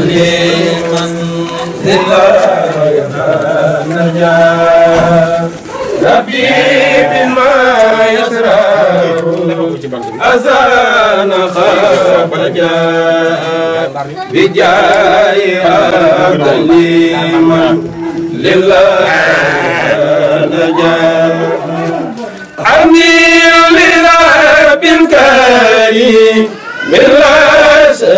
لمنزل النجاة ربي بما يسره أزان خرجا بجاي عبد لمن لله نجاة أمير لرب كريم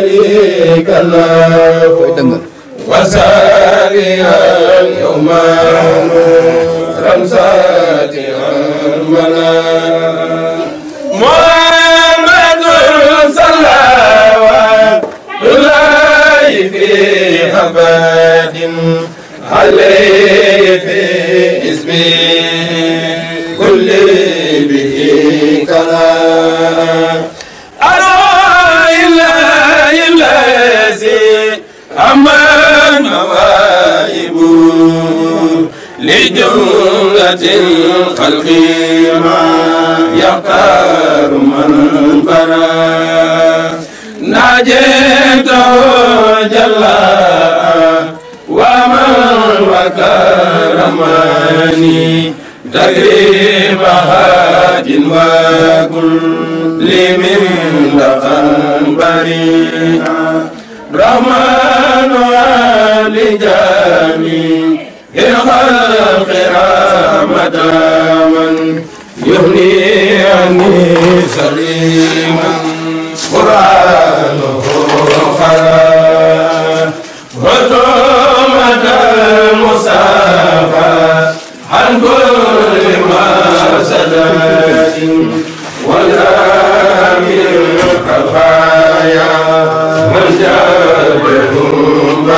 شريك له وساريا يوم رمزات الملا محمد صلى الله في أبد عليه في اسمه كل به كلام أما نوائب لجملة الخلق ما يختار من برا ناجيته جل ومن وكرمني تقريب هاج وكل من دخل بريئا رحمن لجميع الخلق رحمة من يهني عني سليما قرآنه خلا وتومة المسافة عن كل ما سدات ولا من خفايا من جاء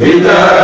Vida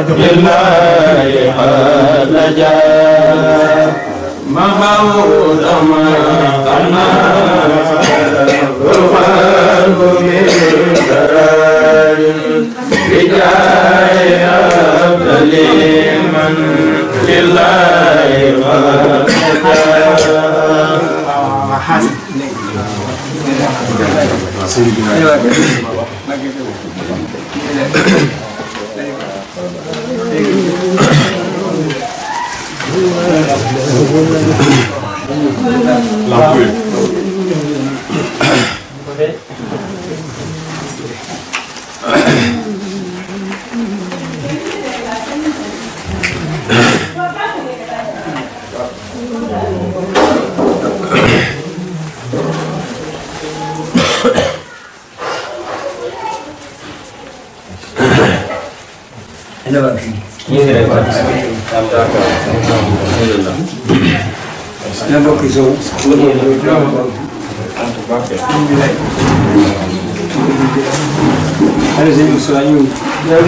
لله حال جاء محمود ما قنا والخلق من درار بجاي من لله حال نبكي زوج هذا زي موسى أيوب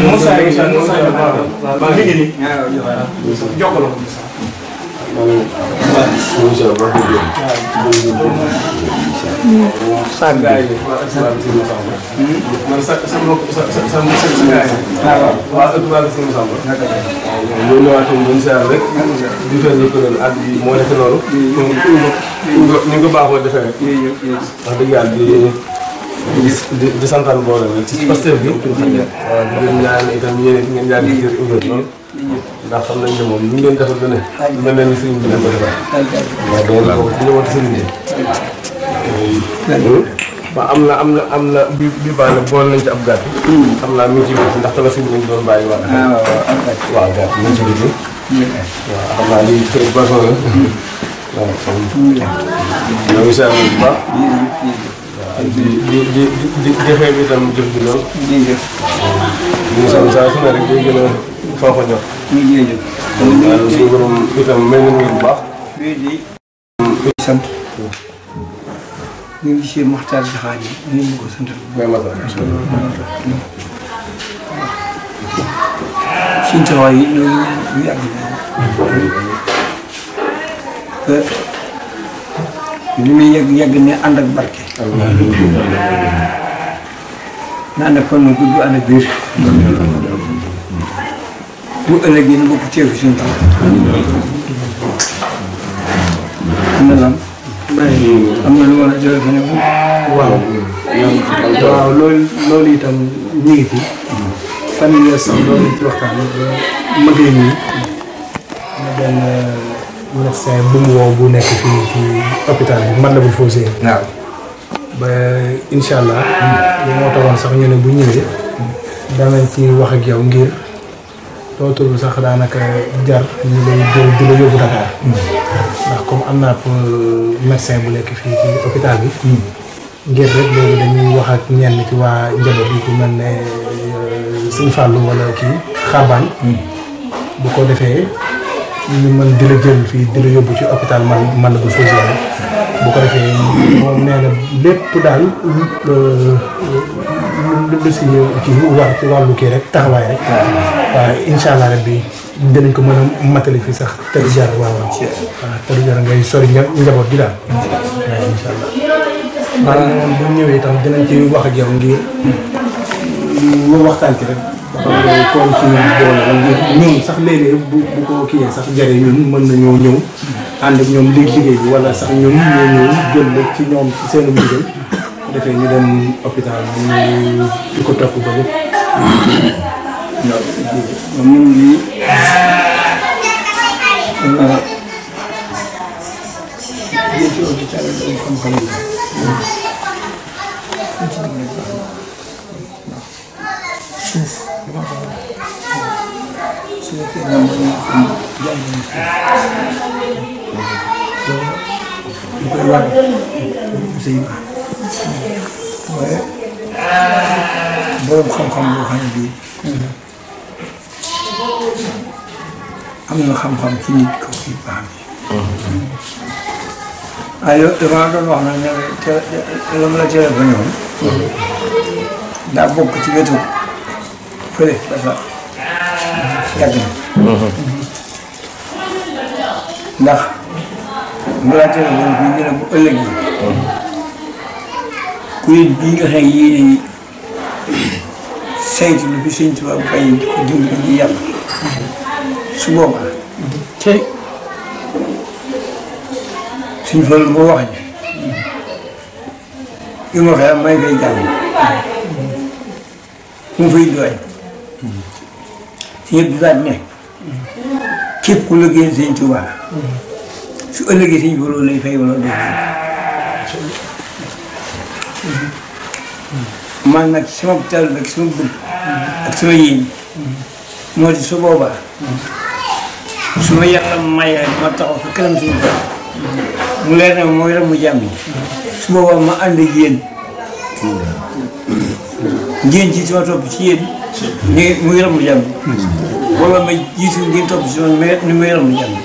موسى أيوب موسى أيوب يقولون موسى موسى sàggaay bi waaw ak salaam si Massamba. man sa sa sa sa sa sa gaay. waaw waaw ëpp baal si Massamba. naka la waaw ñoo ñëwaatoon doon ziar rek. di fay lëkkaloo at bi moo nekk noonu. ñu ko ñu ko baaxoo defee rek. wax dëgg yàlla di di di santaan boole rek ci pasteur bi. waaw di leen ñaan itam yéen it ngeen yàgg di jël lool. ndax xam nañ ne moom ñu ngi leen defal lu ne. mel na ni sëriñ bi leen ko defal. waaw loolu laa ko ñëwaat sëriñ bi. waaw hmm? am na am na am na bi bi baax na boole nañ ci ab gàtt. xam hmm. naa mi ngi ci biir ndax tamit suñu doon bàyyi wàll. Ah, waaw waaw waaw gàtt mi hmm. la. waaw ngi saa bu baax. waaw di di di di jëfee bi tam jëf bi lool. jërëjëf. ñu su ne rek day gën a foofa bu baax. ñu ngi gisee Mokhtar Diakhané yi ñoo ngi ñaan ñu li muy yàgg yàgg ne ànd ak barke. na ak fan mu gudd ànd ak biir. bu ëllëgee ñu bokk teew ci suñu taxaw. am am waaw. loolu loolu itam ñu ngi fi. fan yii sax loolu ci waxtaan bi ma gën bu mu woo bu nekk fii ci hôpital bi man la bul foo séen. ba incha moo taxoon sax ñu bu ñëwee. danañ ci wax ak yow ngir. dootul sax daanaka jar ñu lay jël di la yóbbu Dakar. Mm. ndax comme am naa pour euh, médecin bu lekk fii ci hôpital bi. Mm. ngir rek léegi dañuy wax ak ñenn ci waa njaboot yi ku mel ne euh, Sëñ Fallou wala kii Xabaan. Mm. bu ko defee ñu mën di la jël fii di la yóbbu ci hôpital man man la bu Foussé bu ko defee moom nee lépp daal. Euh, lu lu si kii war wàllu kii rek taxawaay rek. waaw incha allah bi dinañ ko mën a matali fii sax te du jar waaw waaw te du jar ngay sori njaboot gi daal. waaw incha allah. maanaam bu ñëwee itam dinañ ci wax ak yow ngir. mu waxtaan ci rek. dafa ko ci doole la ñun sax léeg-léeg bu bu ko kiiyee sax jëree ñun mën nañoo ñëw. ànd ak ñoom liggéey bi wala sax ñoom ñoo ñëw jël ci ñoom ci seen liggéey. defee ñu dem hôpital ñu di ko ba lépp ñun ñu ci hôpital dañ waaye borom xam-xam boo xam ne bii am na xam-xam ci nit ko ci baax bi ah yow damaa doon wax ne te la ma la téléphone woon daa bokk ci wetu fële ba sax yàgg na ndax ma la téléphone bi ñu ne bu ëllëgee kuréel bii nga xam ne saytu lu fi sëñ Tuubaa bàyyi ko dimbali ñu yàlla su boobaa te suñ fa lu wax ni yu ma xeex may koy jàng mu fay doy si yëpp daal ne képp ku liggéeyal sëñ Tuubaa su ëllëgee sëñ fa lay fay wala doy man nag sama taal ak sama bëgg ak sama yéen moo di su boobaa su ma yàlla mayee ma taxaw fa kanam suñu bopp mu leer na moo yor mu jàmm su boobaa ma ànd ak yéen ngeen ci sama topp ci yéen ni mu yor mu jàmm wala ma jiitu ngeen topp ci ma ni mu yor mu jàmm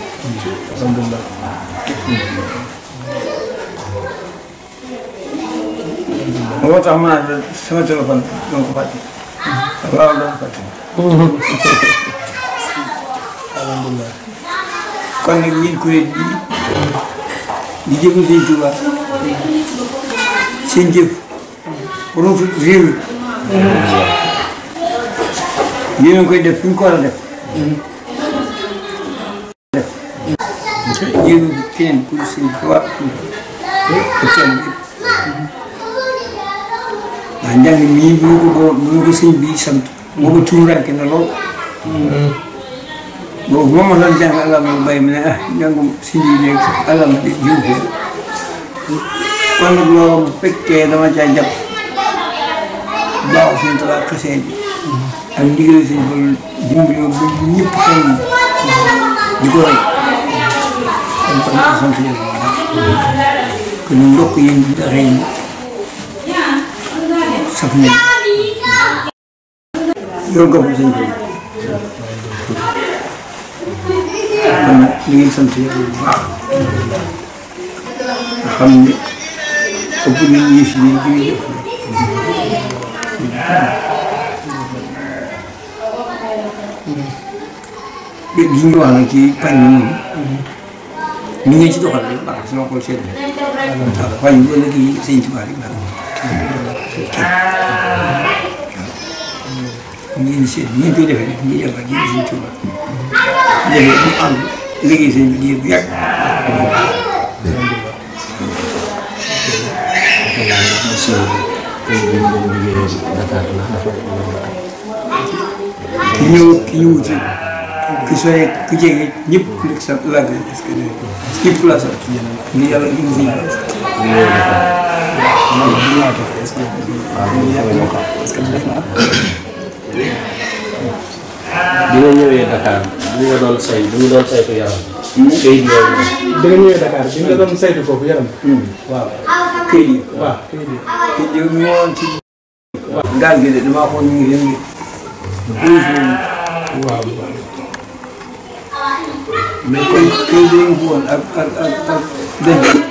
moo tax mu naan la sama nga ko fàtte. waaw da nga ko fàtte. kon nag ñun kuréel bii di jëm Sëñ Tuubaa seen jëf pour mu réew yéen a ngi def fi ko war def. def. jëf keneen ku Sëñ Tuubaa ndax njàng mii bu ñu ko doon bu ñu ko sëñ bii sant. boobu tuur ranke na lool. Mm-hmm. boobu moom la jàng alal ma bàyyi mu ne ah njàngum sëñ bi nekk alal ma di ko kon nag loolu bu fekkee dama caa jàpp baaxul suñu tabax xasee bi. Mm-hmm. ak ndigal sëñ bi dimbali ba ñëpp xëy na ko rey. Mm-hmm. kon kon sant yàlla kon ndokk yéen 작품 이런 거 보세요. 능행선 제약입니다. 한 5분이 22기 민교 하는 게 빨리는 민행시도 가는 게 막상 골치야 돼. 과연 이거는 이 세인트 말이구나. ñu indi seen ñu koy defee ñu yàlla ñu indi suñu tuuba léegi ñu ànd liggéey seen bi bu yàgg ki ñëw ki ñëw ci ki sore ku jege ñëpp ku nekk sa laaj parce que ñëpp la sax ni yàlla indi man mën naa ko fa expliqué. parce que def na at. bi nga ñëwee Dakar bi nga doon say bi nga doon saytu yaram. bi nga ñëwee Dakar bi yaram. waaw yi. waaw këyit yi. këyit yi ñu woon ci. waaw gaal gi damaa xool ñu ngi yëngu. douze jours. waaw. mais këyit këyit yi woon ak ak ak ak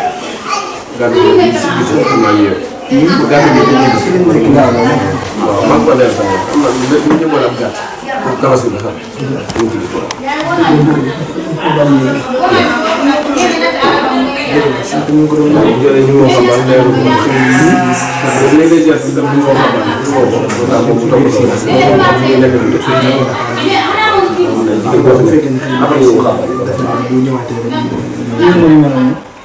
gàddu gi si gisul xam naa yéen. bu gàddu gi dañuy gis. waaw man ko leer tamit am na lu ñu mën a am gàtt. pour tabaski bi xam. ñu ngi ko ñu ko ñu ko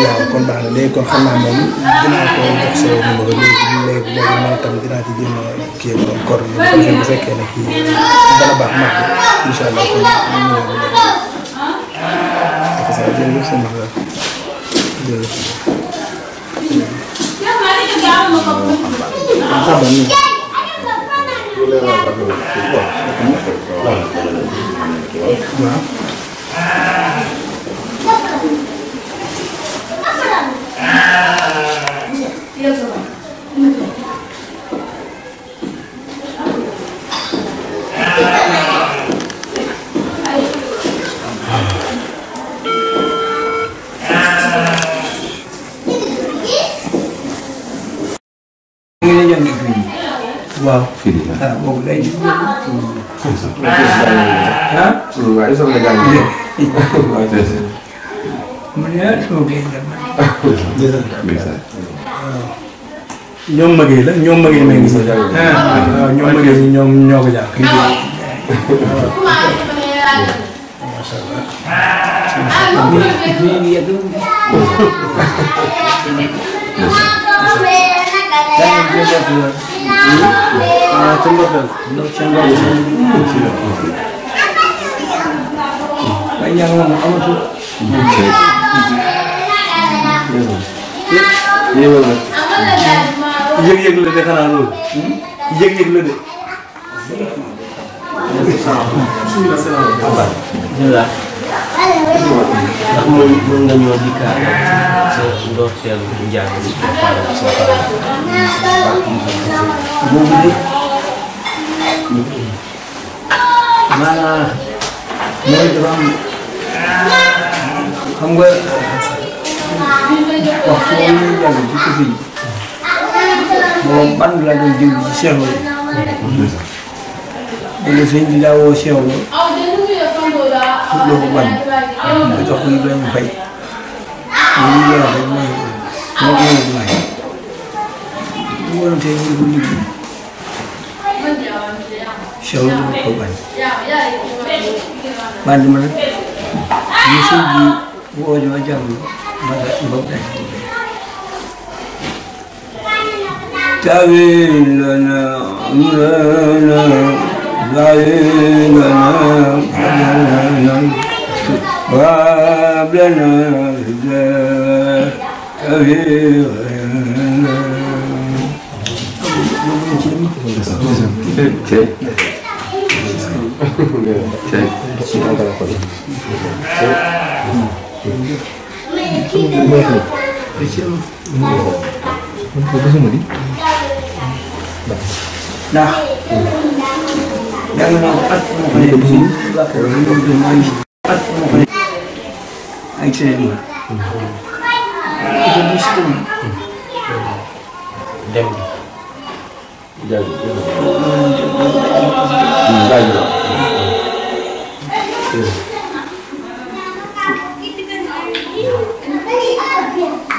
waaw kon baax kon xam naa moom dinaa ko jox sa numéro léegi léegi léegi man tam dinaa ci jéem a kii moom kor bi bu fekkee bu fekkee ne kii dana baax màgg incha allah kon ñu ñëw ba léegi ak sa jërëjëf sama la jërëjëf Wow. waaw fii la ah ñoom mag yi la ñoom mag yi may ngi sax waaw ñoom mag yi ñoom ñoo ko jàpp kii macha allah. yëg-yëg la de xanaa loolu yëg-yëg la de bismillah ndax mën mën nga ñoo dikkaat sa ndorteelu njàng bi sa parent sa parent boobu de maanaam mooy dafa am xam nga waxtu woon nañu yàlla ci suuf yi moom ban laa doon jënd ci Cheikh Oudou. dégg sëñ bi daa woo Cheikh Oudou ko ban. ba jox ko Ibrahima Faye. loolu Ibrahima Faye mooy moo ko yóbbu waay. bu ko doon ñu ko liggéey. Cheikh Oudou ko ban. ban ma nag. ñu sëñ bi woo ma jàmm تعبي لنا أمرنا ضعي لنا حزننا وهب لنا فداك أبي 네. 네. Bueno, preciado. ¿Un poco se morí? Nah. Jangan nak at mo kali di lah. Kalau di mai at mo kali. Ai cene ni. Itu di situ. Dem. Jadi. Jadi. Jadi.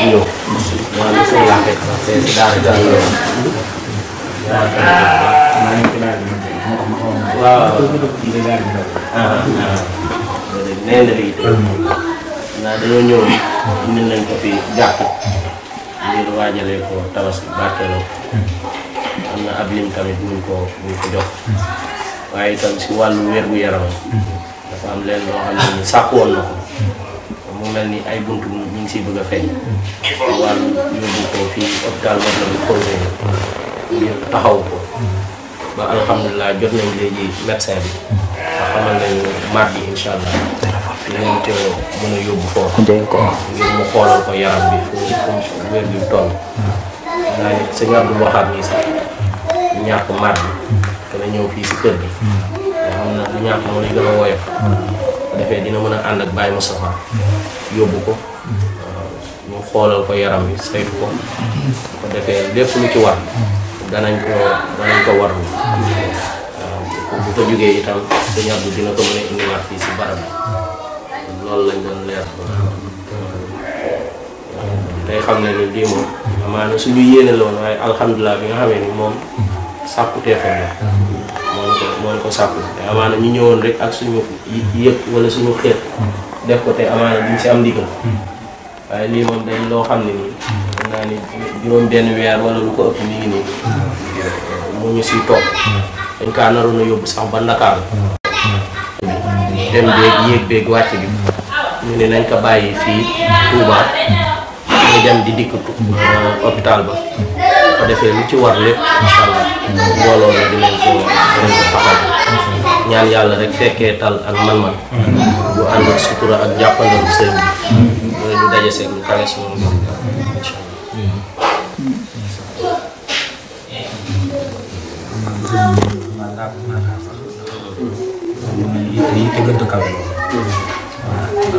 ñëw maanaam li suñu laaxee français si daara jàng la waaw nee ko fi jàpp ngir waajalee ko tabaski barkeeloo am na ab lim tamit buñ ko buñ ko jox waaye itam si wàllu wér gu yaram dafa am leen loo xam ne sàkk woon na ko mu mel ni ay buntu ñu ngi siy bëgg a feeñ. wàllu yóbbu ko fii hôpital war na bu posé ngir taxaw ko ba alhamdulilah jot nañ léegi médecin bi nga xamal nañu mardi incha allah dinañ te mën a yóbbu foofu ngir mu xoolal ko yaram bi fu fu wér bi toll naa ne sëñ Abdou waxaat nii sax ñàkk mardi dana ñëw fii si kër gi nga xam ne ñàkk moo lay gën a woyof defee dina mën a ànd ak Baye Moustapha yóbbu ko ñu xoolal ko yaram yi saytu ko ko defee lépp lu ci war danañ ko danañ ko warlu bu ko jógee itam sëñ Abdou dina ko mën a indiwaat fii si barab bi loolu lañ doon leer tey xam ne ni lii moom amaana suñu yéene la waaye alhamdulilah bi nga xamee ni moom sàkku teefam la moo ko moo ko sàkku te amaana ñu ñëwoon rek ak suñu yëpp wala suñu xeet def ko tay amana duñ ci am digal hmm. waye lii mom day lo xamni ne nii mën naa ni juróom benn weer wala lu ko ëpp mi ngi nii hmm. mu ñu ci top hmm. dañ kaa naroon na yobbu sax ba nakar dem beeg yéeg beeg wàcc bi ñu ne nañ ko bayyi fi Touba ñu dem di dikk euh, hôpital ba ko defé lu ci war lepp inshallah allah mbooloo la dinañ ko dinañ ko taxaw ñaan yalla rek fekke tal ak man-man bu and ak sutura ak jàppandal sëñ bi lu dajé seen allah.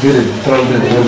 déedéet 30 déedéet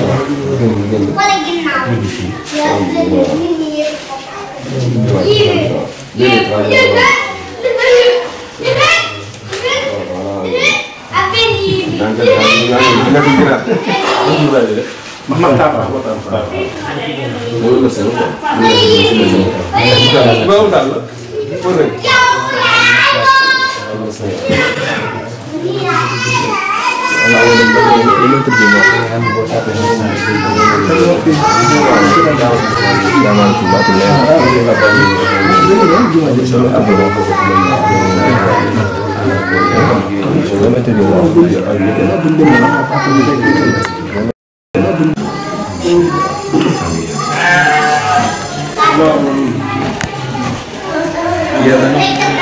Iya kan?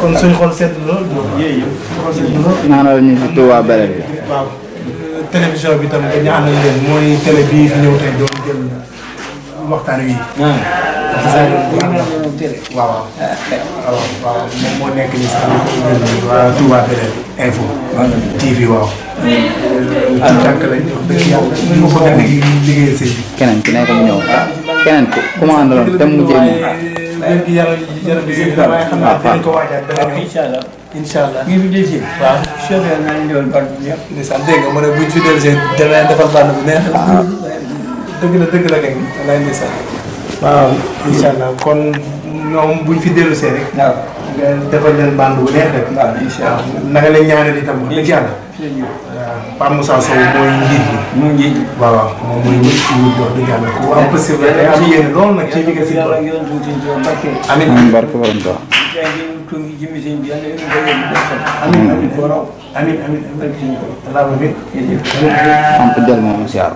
kon suñu xol sedd lool ñaanal ñu ci Touba Belel bi waaw télévision bi tam nga ñaanal leen mooy télé bii fi ñëw tey doon jël waxtaan wi waaw waaw waaw moom moo nekk nii sax waa Touba Belel info. TV waaw. ci tànk lañ wax dëgg yàlla ñu bëgg a nekk liggéeyal sëñ bi. keneen ki nekk mu ñëw keneen ku ku ma àndaloon dem mu jéem a. incha allah ngi fi dégg si. waaw chef yi naa ñëwal ban ñëpp. incha allah dégg nga ma ne buñ fi dellusee dana defal bànn bu neex. dëgg la dëgg la kay. walaay ndeysaan. waaw incha allah kon ñoom buñ fi dellu see rek. waaw nga defal leen bande bu neex rek. waaw incha allah naka la ñaanal itam wax dëgg yàlla. waaw Pape Moussa Sow mooy njiit bi. mu njiit waaw waaw moom mooy wut ci wut wax dëgg yàlla ku am possible day am yéene lool nag ci li nga si doon. amiin amiin barke borom Tuuba. amiin amiin amiin amiin. am ko jël moom siyaar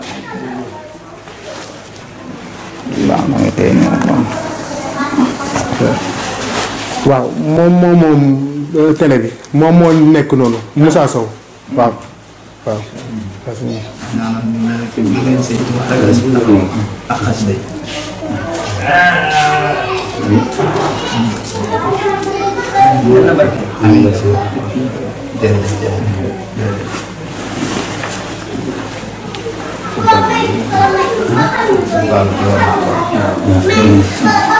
waaw maa moom moom euh, télé bi moom moo nekk noonu Moussa Sow waaw waaw. kita bukan bukan